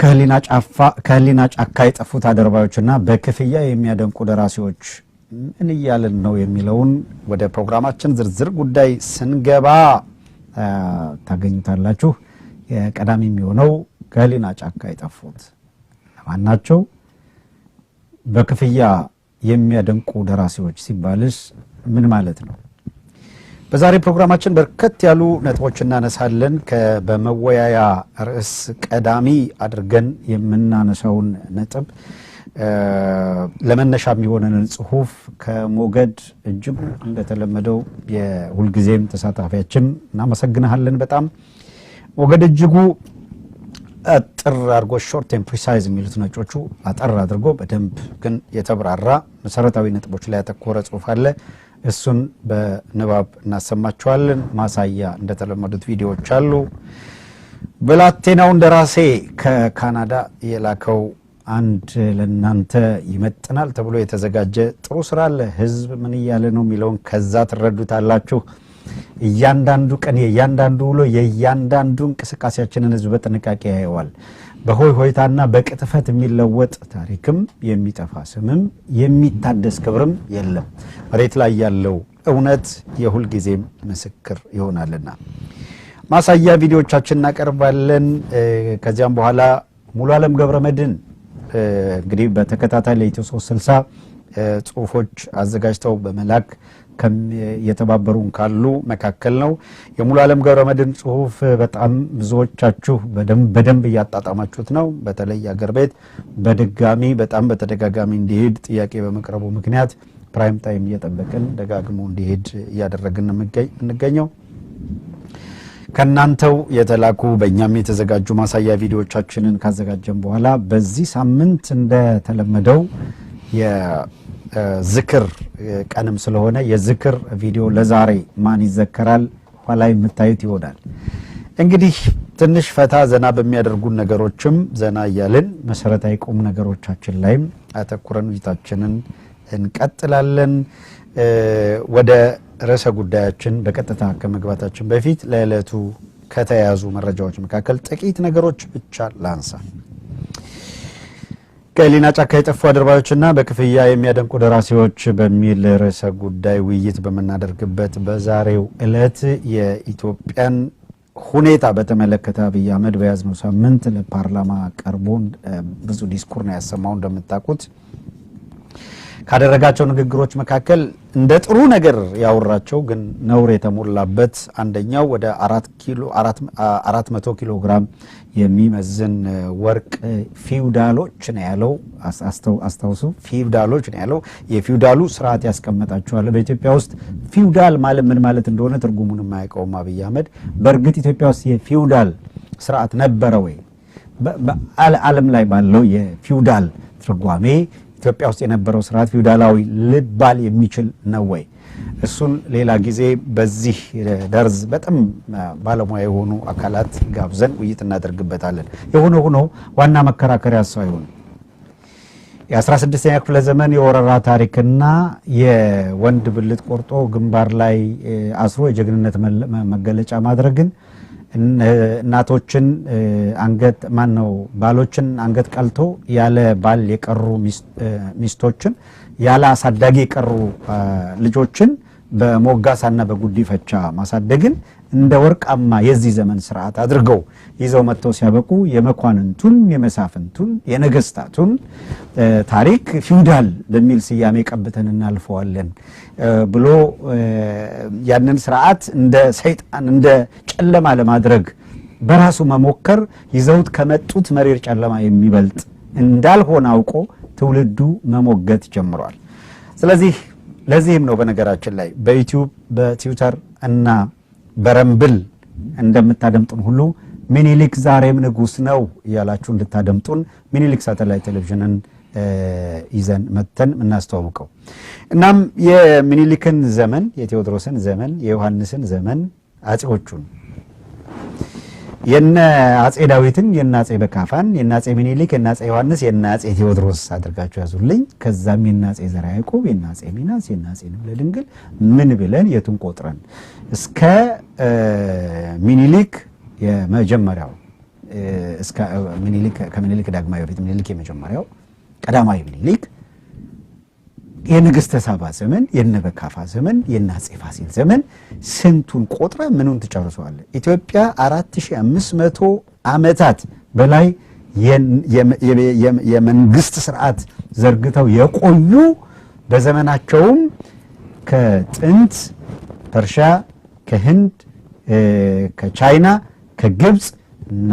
ከህሊና ጫካ የጠፉት አደርባዮችና በክፍያ የሚያደንቁ ደራሲዎች ምን እያልን ነው የሚለውን ወደ ፕሮግራማችን ዝርዝር ጉዳይ ስንገባ ታገኙታላችሁ። ቀዳሚ የሚሆነው ከህሊና ጫካ የጠፉት ማን ናቸው? በክፍያ የሚያደንቁ ደራሲዎች ሲባልስ ምን ማለት ነው? በዛሬ ፕሮግራማችን በርከት ያሉ ነጥቦች እናነሳለን። በመወያያ ርዕስ ቀዳሚ አድርገን የምናነሳውን ነጥብ ለመነሻ የሚሆነንን ጽሁፍ ከሞገድ እጅጉ እንደተለመደው የሁልጊዜም ተሳታፊያችን እናመሰግንሃለን። በጣም ሞገድ እጅጉ አጥር አድርጎ ሾርት ኤንድ ፕሪሳይዝ የሚሉት ነጮቹ አጠር አድርጎ በደንብ ግን የተብራራ መሰረታዊ ነጥቦች ላይ ያተኮረ ጽሁፍ አለ። እሱን በንባብ እናሰማችኋለን። ማሳያ እንደተለመዱት ቪዲዮዎች አሉ። ብላቴናው እንደራሴ ከካናዳ የላከው አንድ ለእናንተ ይመጥናል ተብሎ የተዘጋጀ ጥሩ ስራ አለ። ህዝብ ምን እያለ ነው የሚለውን ከዛ ትረዱታላችሁ። እያንዳንዱ ቀን የእያንዳንዱ ውሎ የእያንዳንዱ እንቅስቃሴያችንን ህዝብ በጥንቃቄ ያየዋል። በሆይ ሆይታና በቅጥፈት የሚለወጥ ታሪክም የሚጠፋ ስምም የሚታደስ ክብርም የለም። መሬት ላይ ያለው እውነት የሁልጊዜ ምስክር ይሆናልና ማሳያ ቪዲዮዎቻችን እናቀርባለን። ከዚያም በኋላ ሙሉ አለም ገብረ መድን እንግዲህ በተከታታይ ለኢትዮ ሶስት ስልሳ ጽሁፎች አዘጋጅተው በመላክ የተባበሩን ካሉ መካከል ነው። የሙሉ ዓለም መድን ጽሁፍ በጣም ብዙዎቻችሁ በደንብ እያጣጣማችሁት ነው። በተለይ አገር ቤት በድጋሚ በጣም በተደጋጋሚ እንዲሄድ ጥያቄ በመቅረቡ ምክንያት ፕራይም ታይም እየጠበቅን ደጋግሞ እንዲሄድ እያደረግን እንገኘው። ከእናንተው የተላኩ በእኛም የተዘጋጁ ማሳያ ቪዲዮዎቻችንን ካዘጋጀን በኋላ በዚህ ሳምንት እንደተለመደው የዝክር ቀንም ስለሆነ የዝክር ቪዲዮ ለዛሬ ማን ይዘከራል ኋላ የምታዩት ይሆናል። እንግዲህ ትንሽ ፈታ ዘና በሚያደርጉን ነገሮችም ዘና እያልን መሰረታዊ ቁም ነገሮቻችን ላይም አተኩረን ውይይታችንን እንቀጥላለን። ወደ ርዕሰ ጉዳያችን በቀጥታ ከመግባታችን በፊት ለዕለቱ ከተያዙ መረጃዎች መካከል ጥቂት ነገሮች ብቻ ላንሳ። ቀሊና ጫካ የጠፉ አድርባዮችና በክፍያ የሚያደንቁ ደራሲዎች በሚል ርዕሰ ጉዳይ ውይይት በምናደርግበት በዛሬው ዕለት የኢትዮጵያን ሁኔታ በተመለከተ አብይ አህመድ በያዝነው ሳምንት ለፓርላማ ቀርቦ ብዙ ዲስኩር ነው ያሰማው። እንደምታውቁት ካደረጋቸው ንግግሮች መካከል እንደ ጥሩ ነገር ያወራቸው ግን ነውር የተሞላበት አንደኛው ወደ አራት መቶ ኪሎ ግራም የሚመዝን ወርቅ ፊውዳሎች ነው ያለው። አስታውሱ፣ ፊውዳሎች ነው ያለው። የፊውዳሉ ስርዓት ያስቀመጣቸዋል። በኢትዮጵያ ውስጥ ፊውዳል ማለት ምን ማለት እንደሆነ ትርጉሙን የማያውቀውም አብይ አህመድ። በእርግጥ ኢትዮጵያ ውስጥ የፊውዳል ስርዓት ነበረ ወይ? በዓለም ላይ ባለው የፊውዳል ትርጓሜ ኢትዮጵያ ውስጥ የነበረው ስርዓት ፊውዳላዊ ልባል የሚችል ነው ወይ? እሱን ሌላ ጊዜ በዚህ ደርዝ በጣም ባለሙያ የሆኑ አካላት ጋብዘን ውይይት እናደርግበታለን። የሆነ ሆኖ ዋና መከራከሪያ ሰው አይሆን የ16ኛ ክፍለ ዘመን የወረራ ታሪክና የወንድ ብልት ቆርጦ ግንባር ላይ አስሮ የጀግንነት መገለጫ ማድረግን እናቶችን አንገት ማን ነው ባሎችን አንገት ቀልቶ ያለ ባል የቀሩ ሚስቶችን ያለ አሳዳጊ የቀሩ ልጆችን በሞጋሳና በጉዲፈቻ ማሳደግን እንደ ወርቃማ የዚህ ዘመን ስርዓት አድርገው ይዘው መጥተው ሲያበቁ የመኳንንቱን፣ የመሳፍንቱን፣ የነገስታቱን ታሪክ ፊውዳል በሚል ስያሜ ቀብተን እናልፈዋለን ብሎ ያንን ስርዓት እንደ ሰይጣን እንደ ጨለማ ለማድረግ በራሱ መሞከር ይዘውት ከመጡት መሪር ጨለማ የሚበልጥ እንዳልሆነ አውቆ ትውልዱ መሞገት ጀምሯል። ስለዚህ ለዚህም ነው በነገራችን ላይ በዩቲዩብ በትዊተር እና በረምብል እንደምታደምጡን ሁሉ ሚኒሊክ ዛሬም ንጉስ ነው እያላችሁ እንድታደምጡን ሚኒሊክ ሳተላይት ቴሌቪዥንን ይዘን መጥተን እናስተዋውቀው። እናም የሚኒሊክን ዘመን፣ የቴዎድሮስን ዘመን፣ የዮሐንስን ዘመን አጼዎቹን የነ አጼ ዳዊትን የነ አጼ በካፋን የነ አጼ ሚኒሊክ የነ አጼ ዮሐንስ የነ አጼ ቴዎድሮስ አድርጋችሁ ያዙልኝ። ከዛም የነ አጼ ዘርዓ ያዕቆብ የነ አጼ ሚናስ የነ አጼ ልብነ ድንግል ምን ብለን የቱን ቆጥረን እስከ ሚኒሊክ የመጀመሪያው እስከ ሚኒሊክ ከሚኒሊክ ዳግማዊ በፊት ሚኒሊክ የመጀመሪያው ቀዳማዊ ሚኒሊክ የንግሥተ ሳባ ዘመን የነበካፋ ዘመን የናጼ ፋሲል ዘመን ስንቱን ቆጥረ ምኑን ትጨርሰዋለ? ኢትዮጵያ 4500 ዓመታት በላይ የመንግስት ስርዓት ዘርግተው የቆዩ በዘመናቸውም ከጥንት ፐርሻ፣ ከህንድ፣ ከቻይና፣ ከግብፅ እና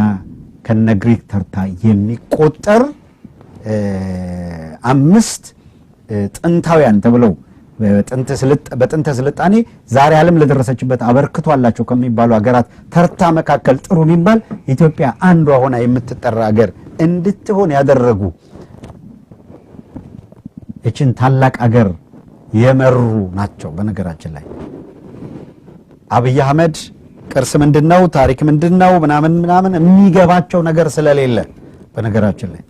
ከነግሪክ ተርታ የሚቆጠር አምስት ጥንታውያን ተብለው በጥንተ ስልጣኔ ዛሬ ዓለም ለደረሰችበት አበርክቶ አላቸው ከሚባሉ ሀገራት ተርታ መካከል ጥሩ የሚባል ኢትዮጵያ አንዷ ሆና የምትጠራ ሀገር እንድትሆን ያደረጉ እችን ታላቅ ሀገር የመሩ ናቸው። በነገራችን ላይ አብይ አህመድ ቅርስ ምንድነው፣ ታሪክ ምንድነው፣ ምናምን ምናምን የሚገባቸው ነገር ስለሌለ በነገራችን ላይ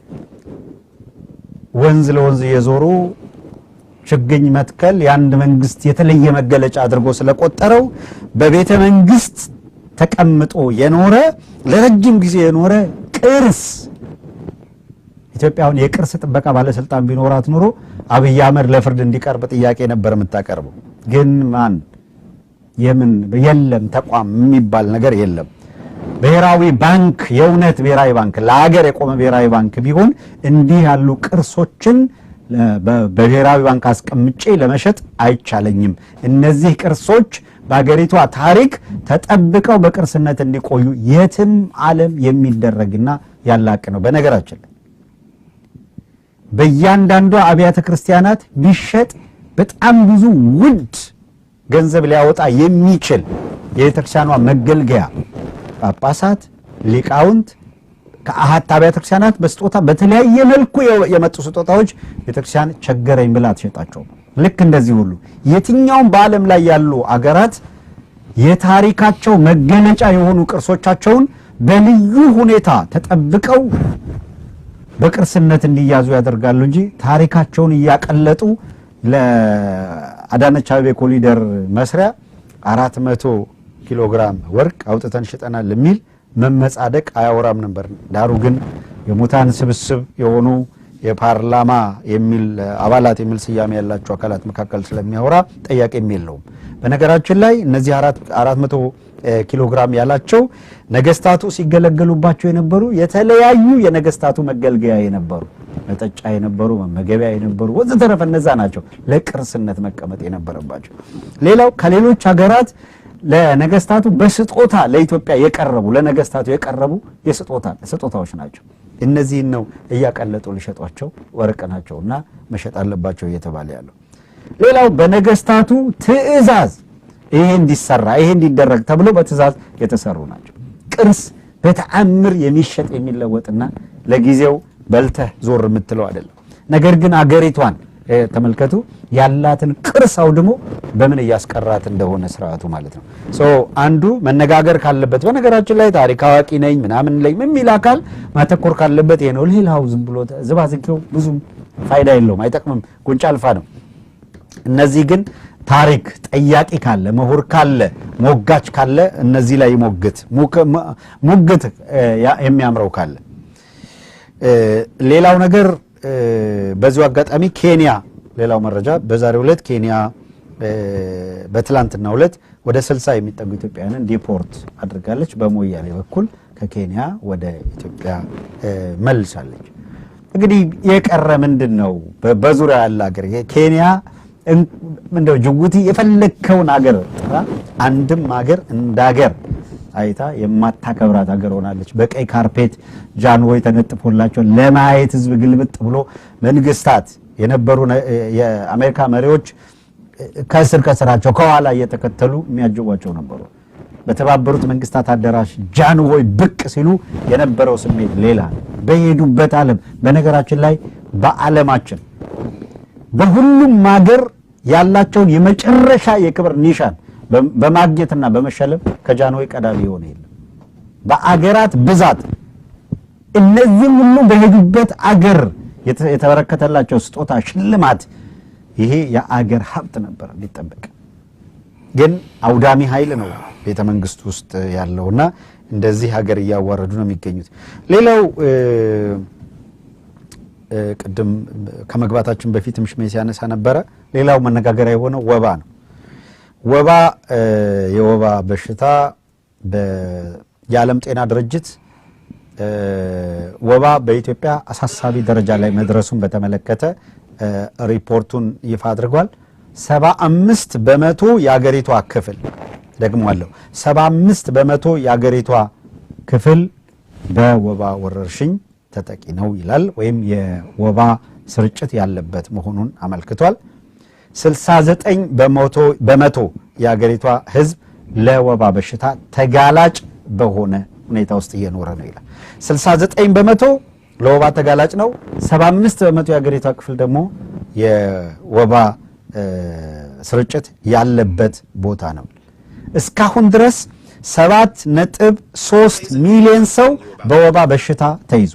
ወንዝ ለወንዝ እየዞሩ ችግኝ መትከል የአንድ መንግስት የተለየ መገለጫ አድርጎ ስለቆጠረው በቤተ መንግስት ተቀምጦ የኖረ ለረጅም ጊዜ የኖረ ቅርስ ኢትዮጵያውን የቅርስ ጥበቃ ባለስልጣን ቢኖራት ኑሮ አብይ አህመድ ለፍርድ እንዲቀርብ ጥያቄ ነበር የምታቀርበው። ግን ማን የምን የለም ተቋም የሚባል ነገር የለም። ብሔራዊ ባንክ የእውነት ብሔራዊ ባንክ ለሀገር የቆመ ብሔራዊ ባንክ ቢሆን እንዲህ ያሉ ቅርሶችን በብሔራዊ ባንክ አስቀምጬ ለመሸጥ አይቻለኝም። እነዚህ ቅርሶች በሀገሪቷ ታሪክ ተጠብቀው በቅርስነት እንዲቆዩ የትም ዓለም የሚደረግና ያላቅ ነው። በነገራችን ላይ በእያንዳንዱ አብያተ ክርስቲያናት ቢሸጥ በጣም ብዙ ውድ ገንዘብ ሊያወጣ የሚችል የቤተክርስቲያኗ መገልገያ ጳጳሳት፣ ሊቃውንት ከአሀት አብያተ ክርስቲያናት በስጦታ በተለያየ መልኩ የመጡ ስጦታዎች ቤተክርስቲያን ቸገረኝ ብላ ትሸጣቸው። ልክ እንደዚህ ሁሉ የትኛውም በዓለም ላይ ያሉ አገራት የታሪካቸው መገለጫ የሆኑ ቅርሶቻቸውን በልዩ ሁኔታ ተጠብቀው በቅርስነት እንዲያዙ ያደርጋሉ እንጂ ታሪካቸውን እያቀለጡ ለአዳነች አቤቤ ኮሊደር መስሪያ አራት መቶ ኪሎ ግራም ወርቅ አውጥተን ሽጠናል የሚል መመጻደቅ አያወራም ነበር። ዳሩ ግን የሙታን ስብስብ የሆኑ የፓርላማ የሚል አባላት የሚል ስያሜ ያላቸው አካላት መካከል ስለሚያወራ ጥያቄም የለውም። በነገራችን ላይ እነዚህ 400 ኪሎ ግራም ያላቸው ነገስታቱ ሲገለገሉባቸው የነበሩ የተለያዩ የነገስታቱ መገልገያ የነበሩ መጠጫ የነበሩ መመገቢያ የነበሩ ወዘተረፈ እነዛ ናቸው ለቅርስነት መቀመጥ የነበረባቸው። ሌላው ከሌሎች ሀገራት ለነገስታቱ በስጦታ ለኢትዮጵያ የቀረቡ ለነገስታቱ የቀረቡ የስጦታ ስጦታዎች ናቸው። እነዚህን ነው እያቀለጡ ሊሸጧቸው ወርቅ እና መሸጥ አለባቸው እየተባለ ያለው። ሌላው በነገስታቱ ትዕዛዝ ይሄ እንዲሰራ ይሄ እንዲደረግ ተብሎ በትዕዛዝ የተሰሩ ናቸው። ቅርስ በተአምር የሚሸጥ የሚለወጥና ለጊዜው በልተህ ዞር የምትለው አይደለም። ነገር ግን አገሪቷን ተመልከቱ ያላትን ቅርስ አውድሞ በምን እያስቀራት እንደሆነ ስርዓቱ ማለት ነው። አንዱ መነጋገር ካለበት በነገራችን ላይ ታሪክ አዋቂ ነኝ ምናምን ላይ የሚል አካል ማተኮር ካለበት ይሄ ነው። ሌላው ዝም ብሎ ዝባዝጌው ብዙም ፋይዳ የለውም፣ አይጠቅምም፣ ጉንጫ አልፋ ነው። እነዚህ ግን ታሪክ ጠያቂ ካለ ምሁር ካለ ሞጋች ካለ እነዚህ ላይ ሞግት ሙግት የሚያምረው ካለ ሌላው ነገር በዚሁ አጋጣሚ ኬንያ ሌላው መረጃ በዛሬው ዕለት ኬንያ በትላንትና ዕለት ወደ ስልሳ የሚጠጉ ኢትዮጵያውያንን ዲፖርት አድርጋለች። በሞያሌ በኩል ከኬንያ ወደ ኢትዮጵያ መልሳለች። እንግዲህ የቀረ ምንድን ነው? በዙሪያ ያለ ሀገር ኬንያ እንደው ጅቡቲ የፈለግከውን ሀገር ጥራ አንድም ሀገር እንደ ሀገር አይታ የማታከብራት ሀገር ሆናለች። በቀይ ካርፔት ጃንሆይ ተነጥፎላቸው ለማየት ህዝብ ግልብጥ ብሎ መንግስታት የነበሩ የአሜሪካ መሪዎች ከስር ከስራቸው ከኋላ እየተከተሉ የሚያጅቧቸው ነበሩ። በተባበሩት መንግስታት አዳራሽ ጃንሆይ ብቅ ሲሉ የነበረው ስሜት ሌላ በሄዱበት ዓለም በነገራችን ላይ በዓለማችን በሁሉም ሀገር ያላቸውን የመጨረሻ የክብር ኒሻን በማግኘትና በመሸለም ከጃንሆይ ቀዳሚ የሆነ የለም። በአገራት ብዛት እነዚህም ሁሉ በሄዱበት አገር የተበረከተላቸው ስጦታ፣ ሽልማት ይሄ የአገር ሀብት ነበር ሊጠበቅ ግን አውዳሚ ኃይል ነው ቤተ መንግስት ውስጥ ያለውና እንደዚህ ሀገር እያዋረዱ ነው የሚገኙት። ሌላው ቅድም ከመግባታችን በፊት ምሽሜ ሲያነሳ ነበረ። ሌላው መነጋገሪያ የሆነው ወባ ነው። ወባ የወባ በሽታ የዓለም ጤና ድርጅት ወባ በኢትዮጵያ አሳሳቢ ደረጃ ላይ መድረሱን በተመለከተ ሪፖርቱን ይፋ አድርጓል። 75 በመቶ የአገሪቷ ክፍል ደግሟለሁ፣ 75 በመቶ የአገሪቷ ክፍል በወባ ወረርሽኝ ተጠቂ ነው ይላል፣ ወይም የወባ ስርጭት ያለበት መሆኑን አመልክቷል። 69 በመቶ የአገሪቷ ህዝብ ለወባ በሽታ ተጋላጭ በሆነ ሁኔታ ውስጥ እየኖረ ነው ይላል። 69 በመቶ ለወባ ተጋላጭ ነው። 75 በመቶ የአገሪቷ ክፍል ደግሞ የወባ ስርጭት ያለበት ቦታ ነው። እስካሁን ድረስ ነጥብ 7.3 ሚሊዮን ሰው በወባ በሽታ ተይዞ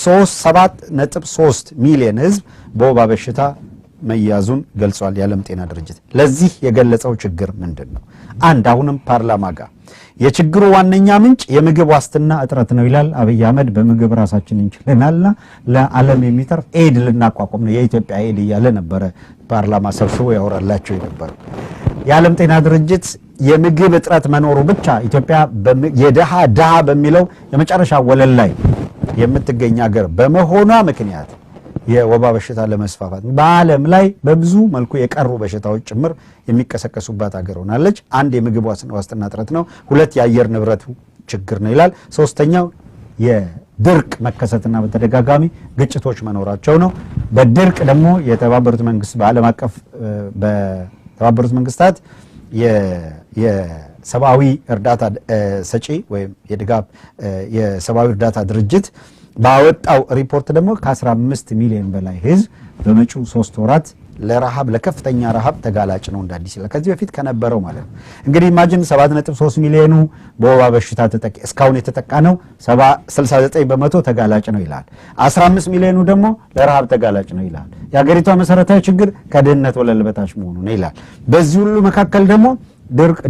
7.3 ሚሊዮን ህዝብ በወባ በሽታ መያዙን ገልጿል የዓለም ጤና ድርጅት። ለዚህ የገለጸው ችግር ምንድን ነው? አንድ አሁንም ፓርላማ ጋር የችግሩ ዋነኛ ምንጭ የምግብ ዋስትና እጥረት ነው ይላል አብይ አህመድ። በምግብ ራሳችን እንችለናልና ለዓለም የሚተርፍ ኤድ ልናቋቁም ነው የኢትዮጵያ ኤድ እያለ ነበረ ፓርላማ ሰብስቦ ያወራላቸው የነበረ የዓለም ጤና ድርጅት የምግብ እጥረት መኖሩ ብቻ ኢትዮጵያ የድሃ ድሃ በሚለው የመጨረሻ ወለል ላይ የምትገኝ ሀገር በመሆኗ ምክንያት የወባ በሽታ ለመስፋፋት በዓለም ላይ በብዙ መልኩ የቀሩ በሽታዎች ጭምር የሚቀሰቀሱባት ሀገር ሆናለች። አንድ የምግብ ዋስትና እጥረት ነው። ሁለት የአየር ንብረቱ ችግር ነው ይላል። ሶስተኛው የድርቅ መከሰትና በተደጋጋሚ ግጭቶች መኖራቸው ነው። በድርቅ ደግሞ የተባበሩት መንግስት በዓለም አቀፍ በተባበሩት መንግስታት የሰብአዊ እርዳታ ሰጪ ወይም የድጋፍ የሰብአዊ እርዳታ ድርጅት ባወጣው ሪፖርት ደግሞ ከ15 ሚሊዮን በላይ ህዝብ በመጪው ሶስት ወራት ለረሃብ ለከፍተኛ ረሃብ ተጋላጭ ነው እንዳዲስ ይላል። ከዚህ በፊት ከነበረው ማለት ነው እንግዲህ ኢማጂን 7.3 ሚሊዮኑ በወባ በሽታ ተጠቂ እስካሁን የተጠቃ ነው 69 በመቶ ተጋላጭ ነው ይላል። 15 ሚሊዮኑ ደግሞ ለረሃብ ተጋላጭ ነው ይላል። የሀገሪቷ መሰረታዊ ችግር ከድህነት ወለል በታች መሆኑ ነው ይላል። በዚህ ሁሉ መካከል ደግሞ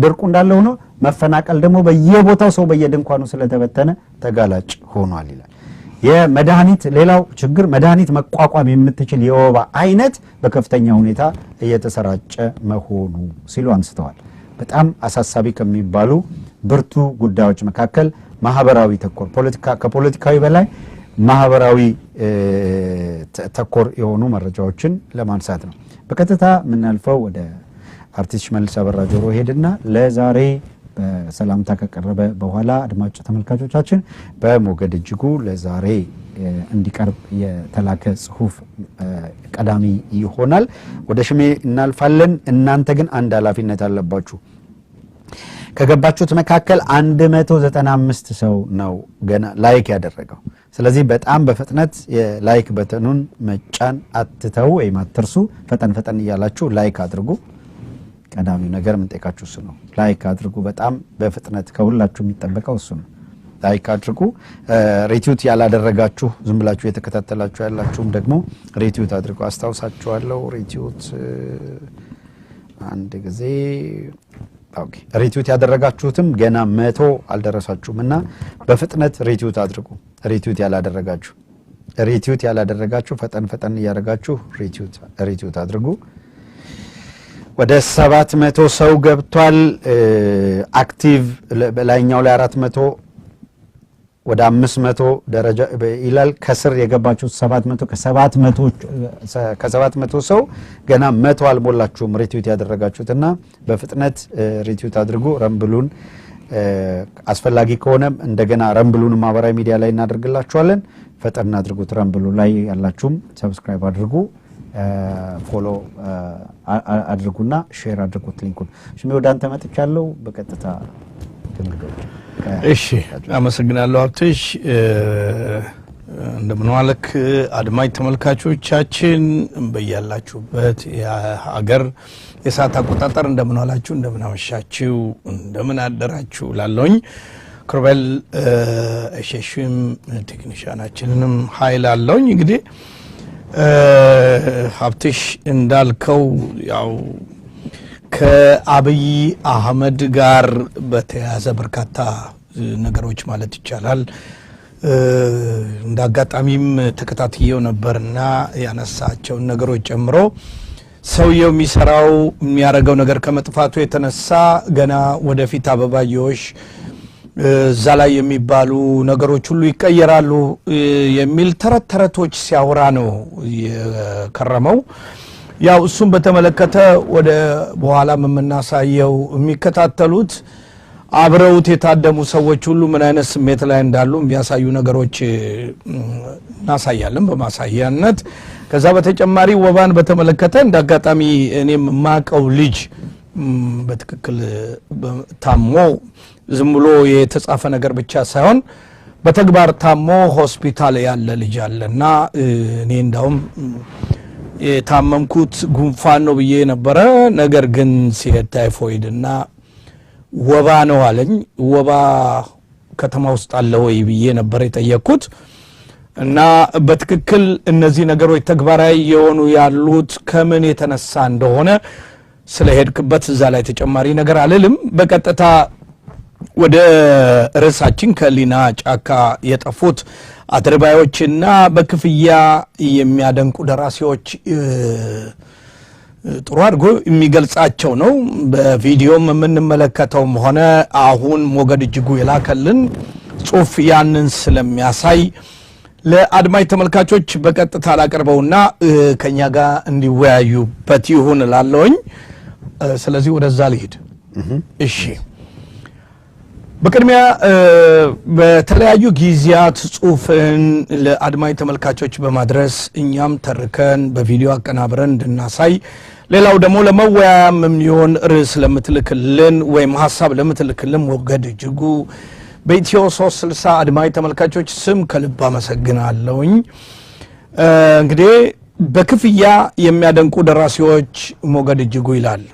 ድርቁ እንዳለ ሆኖ መፈናቀል ደግሞ በየቦታው ሰው በየድንኳኑ ስለተበተነ ተጋላጭ ሆኗል ይላል። የመድኃኒት ሌላው ችግር መድኃኒት መቋቋም የምትችል የወባ አይነት በከፍተኛ ሁኔታ እየተሰራጨ መሆኑ ሲሉ አንስተዋል። በጣም አሳሳቢ ከሚባሉ ብርቱ ጉዳዮች መካከል ማህበራዊ ተኮር ከፖለቲካዊ በላይ ማህበራዊ ተኮር የሆኑ መረጃዎችን ለማንሳት ነው። በቀጥታ የምናልፈው ወደ አርቲስት ሽመልስ አበራ ጆሮ ሄድና ለዛሬ በሰላምታ ከቀረበ በኋላ አድማጭ ተመልካቾቻችን በሞገድ እጅጉ ለዛሬ እንዲቀርብ የተላከ ጽሁፍ ቀዳሚ ይሆናል። ወደ ሽሜ እናልፋለን። እናንተ ግን አንድ ኃላፊነት አለባችሁ። ከገባችሁት መካከል 195 ሰው ነው ገና ላይክ ያደረገው። ስለዚህ በጣም በፍጥነት የላይክ በተኑን መጫን አትተው ወይም አትርሱ። ፈጠን ፈጠን እያላችሁ ላይክ አድርጉ። ቀዳሚው ነገር የምንጠይቃችሁ እሱ ነው። ላይክ አድርጉ። በጣም በፍጥነት ከሁላችሁ የሚጠበቀው እሱ ነው። ላይክ አድርጉ። ሬቲዩት ያላደረጋችሁ ዝም ብላችሁ የተከታተላችሁ ያላችሁም ደግሞ ሬቲዩት አድርጉ። አስታውሳችኋለሁ። ሬቲዩት አንድ ጊዜ ሬቲዩት ያደረጋችሁትም ገና መቶ አልደረሳችሁም እና በፍጥነት ሬቲዩት አድርጉ። ሬቲዩት ያላደረጋችሁ ሬቲዩት ያላደረጋችሁ ፈጠን ፈጠን እያደረጋችሁ ሬቲዩት አድርጉ። ወደ ሰባት መቶ ሰው ገብቷል። አክቲቭ ላይኛው ላይ አራት መቶ ወደ አምስት መቶ ደረጃ ይላል። ከስር የገባችሁ ሰባት መቶ ከሰባት መቶ ሰው ገና መቶ አልሞላችሁም ሪትዊት ያደረጋችሁት ያደረጋችሁትና በፍጥነት ሪትዊት አድርጉ። ረምብሉን አስፈላጊ ከሆነም እንደገና ረምብሉን ማህበራዊ ሚዲያ ላይ እናደርግላችኋለን። ፈጠን አድርጉት። ረምብሉ ላይ ያላችሁም ሰብስክራይብ አድርጉ። ፎሎ አድርጉና ሼር አድርጉት ሊንኩን። ሽሜ ወደ አንተ መጥቻለሁ። በቀጥታ እሺ፣ አመሰግናለሁ ሀብትሽ። እንደምንዋልክ አድማጭ ተመልካቾቻችን በያላችሁበት የሀገር የሰዓት አቆጣጠር እንደምንዋላችሁ፣ እንደምናመሻችሁ፣ እንደምን አደራችሁ ላለውኝ ክሩቤል እሸሽም ቴክኒሽያናችንንም ሀይል አለውኝ እንግዲህ ሀብትሽ እንዳልከው ያው ከአብይ አህመድ ጋር በተያያዘ በርካታ ነገሮች ማለት ይቻላል እንደ አጋጣሚም ተከታትየው ነበርና ያነሳቸውን ነገሮች ጨምሮ ሰውየው የሚሰራው የሚያደርገው ነገር ከመጥፋቱ የተነሳ ገና ወደፊት አበባየሽ እዛ ላይ የሚባሉ ነገሮች ሁሉ ይቀየራሉ የሚል ተረት ተረቶች ሲያወራ ነው የከረመው። ያው እሱን በተመለከተ ወደ በኋላም የምናሳየው የሚከታተሉት አብረውት የታደሙ ሰዎች ሁሉ ምን አይነት ስሜት ላይ እንዳሉ የሚያሳዩ ነገሮች እናሳያለን በማሳያነት። ከዛ በተጨማሪ ወባን በተመለከተ እንደ አጋጣሚ እኔም ማቀው ልጅ በትክክል ታሞ ዝም ብሎ የተጻፈ ነገር ብቻ ሳይሆን በተግባር ታሞ ሆስፒታል ያለ ልጅ አለ እና እኔ እንዳውም የታመምኩት ጉንፋን ነው ብዬ ነበረ። ነገር ግን ሲሄድ ታይፎይድ እና ወባ ነው አለኝ። ወባ ከተማ ውስጥ አለ ወይ ብዬ ነበር የጠየቅኩት። እና በትክክል እነዚህ ነገሮች ተግባራዊ የሆኑ ያሉት ከምን የተነሳ እንደሆነ ስለሄድክበት እዛ ላይ ተጨማሪ ነገር አልልም። በቀጥታ ወደ ርዕሳችን ከሊና ጫካ የጠፉት አድርባዮችና በክፍያ የሚያደንቁ ደራሲዎች ጥሩ አድርጎ የሚገልጻቸው ነው። በቪዲዮም የምንመለከተውም ሆነ አሁን ሞገድ እጅጉ የላከልን ጽሁፍ ያንን ስለሚያሳይ ለአድማጭ ተመልካቾች በቀጥታ ላቀርበውና ከእኛ ጋር እንዲወያዩበት ይሁን እላለሁኝ። ስለዚህ ወደዛ ልሂድ። እሺ፣ በቅድሚያ በተለያዩ ጊዜያት ጽሁፍን ለአድማጭ ተመልካቾች በማድረስ እኛም ተርከን በቪዲዮ አቀናብረን እንድናሳይ ሌላው ደግሞ ለመወያያም የሚሆን ርዕስ ለምትልክልን ወይም ሀሳብ ለምትልክልን ሞገድ እጅጉ በኢትዮ 360 አድማጭ ተመልካቾች ስም ከልብ አመሰግናለሁኝ። እንግዲህ በክፍያ የሚያደንቁ ደራሲዎች ሞገድ እጅጉ ይላል።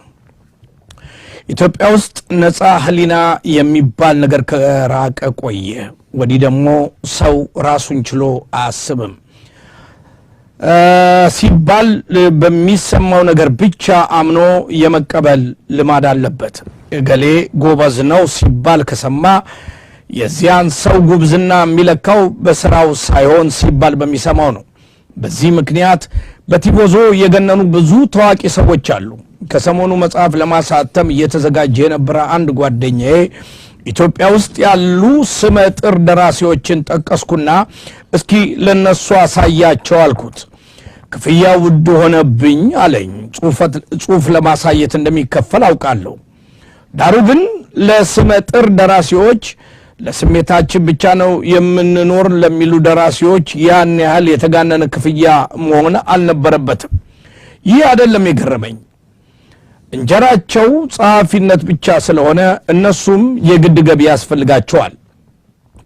ኢትዮጵያ ውስጥ ነጻ ህሊና የሚባል ነገር ከራቀ ቆየ። ወዲህ ደግሞ ሰው ራሱን ችሎ አያስብም ሲባል በሚሰማው ነገር ብቻ አምኖ የመቀበል ልማድ አለበት። እገሌ ጎበዝ ነው ሲባል ከሰማ የዚያን ሰው ጉብዝና የሚለካው በስራው ሳይሆን ሲባል በሚሰማው ነው። በዚህ ምክንያት በቲቦዞ የገነኑ ብዙ ታዋቂ ሰዎች አሉ። ከሰሞኑ መጽሐፍ ለማሳተም እየተዘጋጀ የነበረ አንድ ጓደኛዬ ኢትዮጵያ ውስጥ ያሉ ስመጥር ደራሲዎችን ጠቀስኩና እስኪ ለነሱ አሳያቸው አልኩት። ክፍያ ውድ ሆነብኝ አለኝ። ጽሑፍ ለማሳየት እንደሚከፈል አውቃለሁ። ዳሩ ግን ለስመጥር ደራሲዎች ለስሜታችን ብቻ ነው የምንኖር ለሚሉ ደራሲዎች ያን ያህል የተጋነነ ክፍያ መሆን አልነበረበትም። ይህ አይደለም የገረመኝ እንጀራቸው ጸሐፊነት ብቻ ስለሆነ እነሱም የግድ ገቢ ያስፈልጋቸዋል።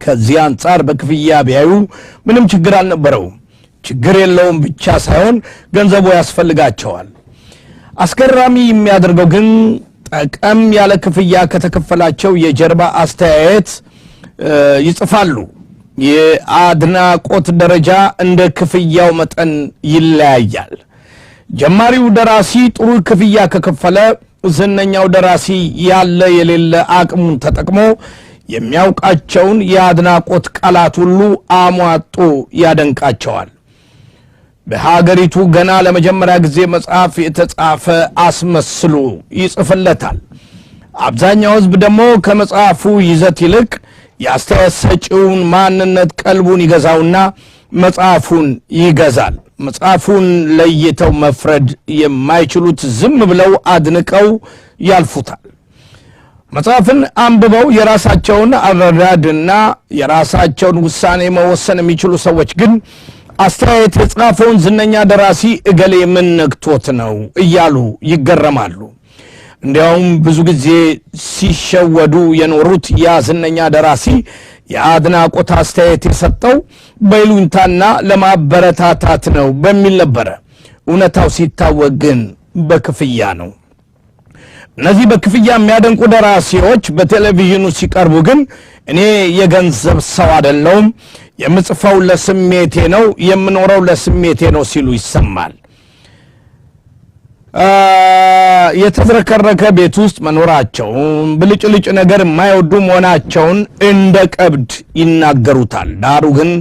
ከዚህ አንጻር በክፍያ ቢያዩ ምንም ችግር አልነበረውም። ችግር የለውም ብቻ ሳይሆን ገንዘቡ ያስፈልጋቸዋል። አስገራሚ የሚያደርገው ግን ጠቀም ያለ ክፍያ ከተከፈላቸው የጀርባ አስተያየት ይጽፋሉ። የአድናቆት ደረጃ እንደ ክፍያው መጠን ይለያያል። ጀማሪው ደራሲ ጥሩ ክፍያ ከከፈለ ዝነኛው ደራሲ ያለ የሌለ አቅሙን ተጠቅሞ የሚያውቃቸውን የአድናቆት ቃላት ሁሉ አሟጦ ያደንቃቸዋል። በሀገሪቱ ገና ለመጀመሪያ ጊዜ መጽሐፍ የተጻፈ አስመስሎ ይጽፍለታል። አብዛኛው ሕዝብ ደግሞ ከመጽሐፉ ይዘት ይልቅ የአስተያየት ሰጪውን ማንነት ቀልቡን ይገዛውና መጽሐፉን ይገዛል። መጽሐፉን ለይተው መፍረድ የማይችሉት ዝም ብለው አድንቀው ያልፉታል። መጽሐፍን አንብበው የራሳቸውን አረዳድና የራሳቸውን ውሳኔ መወሰን የሚችሉ ሰዎች ግን አስተያየት የጻፈውን ዝነኛ ደራሲ እገሌ ምን ነግቶት ነው እያሉ ይገረማሉ። እንዲያውም ብዙ ጊዜ ሲሸወዱ የኖሩት ያ ዝነኛ ደራሲ የአድናቆት አስተያየት የሰጠው በይሉኝታና ለማበረታታት ነው በሚል ነበረ። እውነታው ሲታወቅ ግን በክፍያ ነው። እነዚህ በክፍያ የሚያደንቁ ደራሲዎች በቴሌቪዥኑ ሲቀርቡ ግን እኔ የገንዘብ ሰው አደለውም፣ የምጽፈው ለስሜቴ ነው፣ የምኖረው ለስሜቴ ነው ሲሉ ይሰማል። የተዝረከረከ ቤት ውስጥ መኖራቸው ብልጭልጭ ነገር የማይወዱ መሆናቸውን እንደ ቀብድ ይናገሩታል። ዳሩ ግን